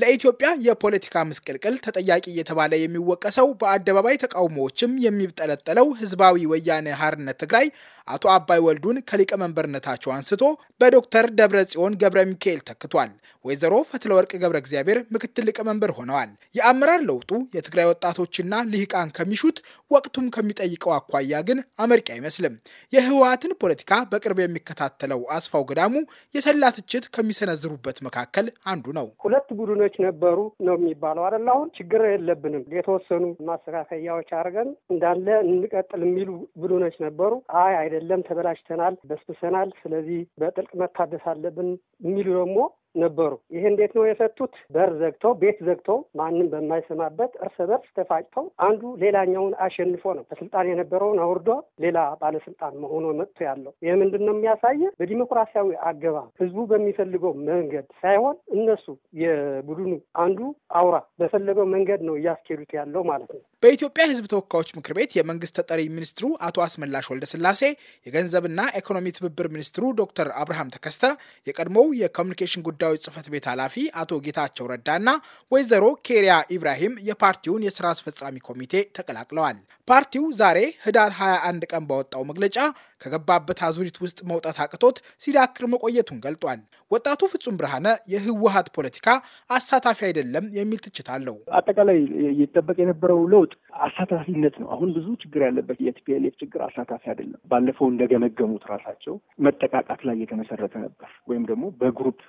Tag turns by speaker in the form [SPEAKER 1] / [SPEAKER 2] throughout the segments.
[SPEAKER 1] ለኢትዮጵያ የፖለቲካ ምስቅልቅል ተጠያቂ እየተባለ የሚወቀሰው በአደባባይ ተቃውሞዎችም የሚጠለጠለው ህዝባዊ ወያነ ሀርነት ትግራይ አቶ አባይ ወልዱን ከሊቀመንበርነታቸው አንስቶ በዶክተር ደብረ ጽዮን ገብረ ሚካኤል ተክቷል። ወይዘሮ ፈትለወርቅ ገብረ እግዚአብሔር ምክትል ሊቀመንበር ሆነዋል። የአመራር ለውጡ የትግራይ ወጣቶችና ልሂቃን ከሚሹት ወቅቱም ከሚጠይቀው አኳያ ግን አመርቂ አይመስልም። የህወሀትን ፖለቲካ በቅርብ የሚከታተለው አስፋው ግዳሙ የሰላ ትችት ከሚሰነዝሩበት መካከል አንዱ ነው።
[SPEAKER 2] ሁለት ቡድኖች ነበሩ ነው የሚባለው አይደል? አሁን ችግር የለብንም የተወሰኑ ማስተካከያዎች አድርገን እንዳለ እንቀጥል የሚሉ ቡድኖች ነበሩ። አይ አይደለም የለም ተበላሽተናል፣ በስብሰናል፣ ስለዚህ በጥልቅ መታደስ አለብን የሚሉ ደግሞ ነበሩ። ይህ እንዴት ነው የፈቱት? በር ዘግተው ቤት ዘግተው ማንም በማይሰማበት እርስ በርስ ተፋጭተው አንዱ ሌላኛውን አሸንፎ ነው በስልጣን የነበረውን አውርዶ ሌላ ባለስልጣን መሆኖ መጥቶ ያለው። ይህ ምንድን ነው የሚያሳየ በዲሞክራሲያዊ አገባብ ህዝቡ በሚፈልገው መንገድ ሳይሆን እነሱ የቡድኑ አንዱ አውራ በፈለገው መንገድ ነው እያስኬዱት ያለው ማለት ነው። በኢትዮጵያ ህዝብ ተወካዮች
[SPEAKER 1] ምክር ቤት የመንግስት ተጠሪ ሚኒስትሩ አቶ አስመላሽ ወልደስላሴ፣ የገንዘብና ኢኮኖሚ ትብብር ሚኒስትሩ ዶክተር አብርሃም ተከስተ፣ የቀድሞው የኮሚኒኬሽን ጉዳይ ጉዳዮች ጽህፈት ቤት ኃላፊ አቶ ጌታቸው ረዳና ወይዘሮ ኬሪያ ኢብራሂም የፓርቲውን የስራ አስፈጻሚ ኮሚቴ ተቀላቅለዋል። ፓርቲው ዛሬ ህዳር 21 ቀን ባወጣው መግለጫ ከገባበት አዙሪት ውስጥ መውጣት አቅቶት ሲዳክር መቆየቱን ገልጧል። ወጣቱ ፍጹም ብርሃነ የህወሀት ፖለቲካ አሳታፊ አይደለም የሚል ትችት አለው። አጠቃላይ ይጠበቅ
[SPEAKER 3] የነበረው ለውጥ አሳታፊነት ነው። አሁን ብዙ ችግር ያለበት የቲፒኤልኤፍ ችግር አሳታፊ አይደለም። ባለፈው እንደገመገሙት ራሳቸው መጠቃቃት ላይ የተመሰረተ ነበር፣ ወይም ደግሞ በግሩፕ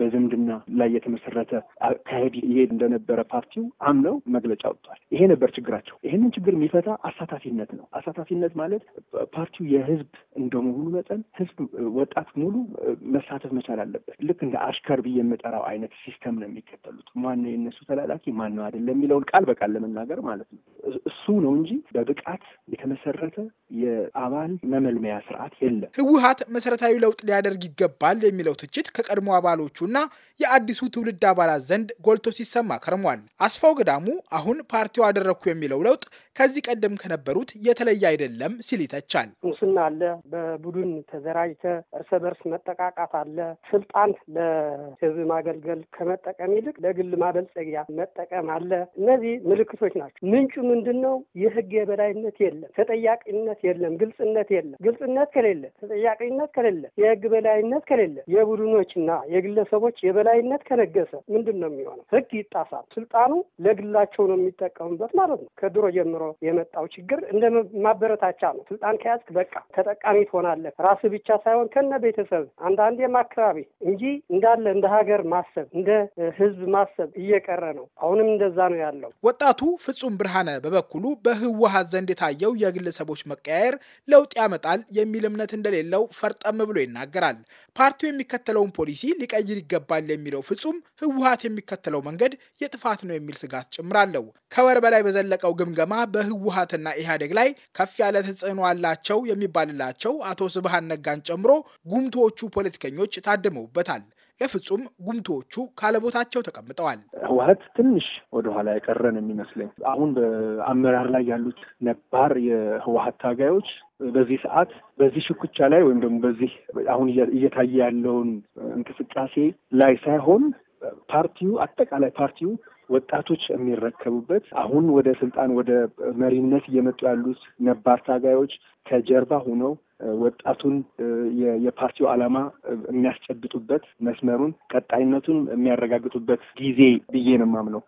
[SPEAKER 3] በዝምድና ላይ የተመሰረተ አካሄድ ይሄድ እንደነበረ ፓርቲው አምነው መግለጫ ወጥቷል። ይሄ ነበር ችግራቸው። ይህንን ችግር የሚፈታ አሳታፊነት ነው። አሳታፊነት ማለት ፓርቲው የህዝብ እንደመሆኑ መጠን ህዝብ ወጣት ሙሉ መሳተፍ መቻል አለበት። ልክ እንደ አሽከር ብዬ የምጠራው አይነት ሲስተም ነው የሚከተሉት። ማነው የነሱ ተላላኪ ማነው አይደለም የሚለውን ቃል በቃል ለመናገር ማለት ነው። እሱ ነው እንጂ
[SPEAKER 1] በብቃት የተመሰረተ የአባል መመልመያ ስርዓት የለም። ህወሀት መሰረታዊ ለውጥ ሊያደርግ ይገባል የሚለው ትችት ከቀድሞ አባሎቹና የአዲሱ ትውልድ አባላት ዘንድ ጎልቶ ሲሰማ ከርሟል። አስፋው ገዳሙ አሁን ፓርቲው አደረግኩ የሚለው ለውጥ ከዚህ ቀደም ከነበሩት የተለየ አይደለም ሲል ይተቻል።
[SPEAKER 2] ሙስና አለ፣ በቡድን ተዘራጅተ እርስ በርስ መጠቃቃት አለ። ስልጣን ለህዝብ ማገልገል ከመጠቀም ይልቅ ለግል ማበልጸጊያ መጠቀም አለ። እነዚህ ምልክቶች ናቸው። ምንጩ ምንድን ነው? የህግ የበላይነት የለም፣ ተጠያቂነት የለም፣ ግልጽነት የለም። ግልጽነት ከሌለ፣ ተጠያቂነት ከሌለ፣ የህግ በላይነት ከሌለ፣ የቡድኖችና የግለሰቦች የበላይነት ከነገሰ ምንድን ነው የሚሆነው? ህግ ይጣሳል። ስልጣኑ ለግላቸው ነው የሚጠቀሙበት ማለት ነው ከድሮ ጀምሮ የመጣው ችግር እንደ ማበረታቻ ነው። ስልጣን ከያዝክ በቃ ተጠቃሚ ትሆናለህ። ራስህ ብቻ ሳይሆን ከነ ቤተሰብ አንዳንዴም አካባቢ እንጂ እንዳለ እንደ ሀገር ማሰብ እንደ ህዝብ ማሰብ እየቀረ ነው። አሁንም እንደዛ ነው ያለው።
[SPEAKER 1] ወጣቱ ፍጹም ብርሃነ በበኩሉ በህወሀት ዘንድ የታየው የግለሰቦች መቀያየር ለውጥ ያመጣል የሚል እምነት እንደሌለው ፈርጠም ብሎ ይናገራል። ፓርቲው የሚከተለውን ፖሊሲ ሊቀይር ይገባል የሚለው ፍጹም ህወሀት የሚከተለው መንገድ የጥፋት ነው የሚል ስጋት ጭምራለው። ከወር በላይ በዘለቀው ግምገማ በ በህወሀትና ኢህአዴግ ላይ ከፍ ያለ ተጽዕኖ አላቸው የሚባልላቸው አቶ ስብሃን ነጋን ጨምሮ ጉምቶዎቹ ፖለቲከኞች ታድመውበታል። ለፍጹም ጉምቶዎቹ ካለቦታቸው ተቀምጠዋል። ህወሀት ትንሽ ወደኋላ የቀረን የሚመስለኝ አሁን በአመራር ላይ ያሉት
[SPEAKER 3] ነባር የህወሀት ታጋዮች በዚህ ሰዓት በዚህ ሽኩቻ ላይ ወይም ደግሞ በዚህ አሁን እየታየ ያለውን እንቅስቃሴ ላይ ሳይሆን ፓርቲው አጠቃላይ ፓርቲው ወጣቶች የሚረከቡበት አሁን ወደ ስልጣን ወደ መሪነት እየመጡ ያሉት ነባር ታጋዮች ከጀርባ ሆነው ወጣቱን የፓርቲው ዓላማ የሚያስጨብጡበት መስመሩን ቀጣይነቱን የሚያረጋግጡበት ጊዜ ብዬ ነው የማምነው።